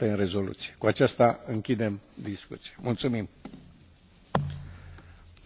prin rezoluție. Cu aceasta închidem discuția. Mulțumim!